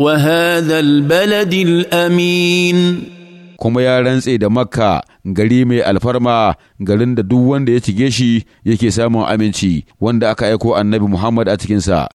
وهذا البلد الأمين kuma ya rantse da makka gari mai alfarma garin da duk wanda ya cige shi yake samun aminci wanda aka aiko annabi muhammad a cikinsa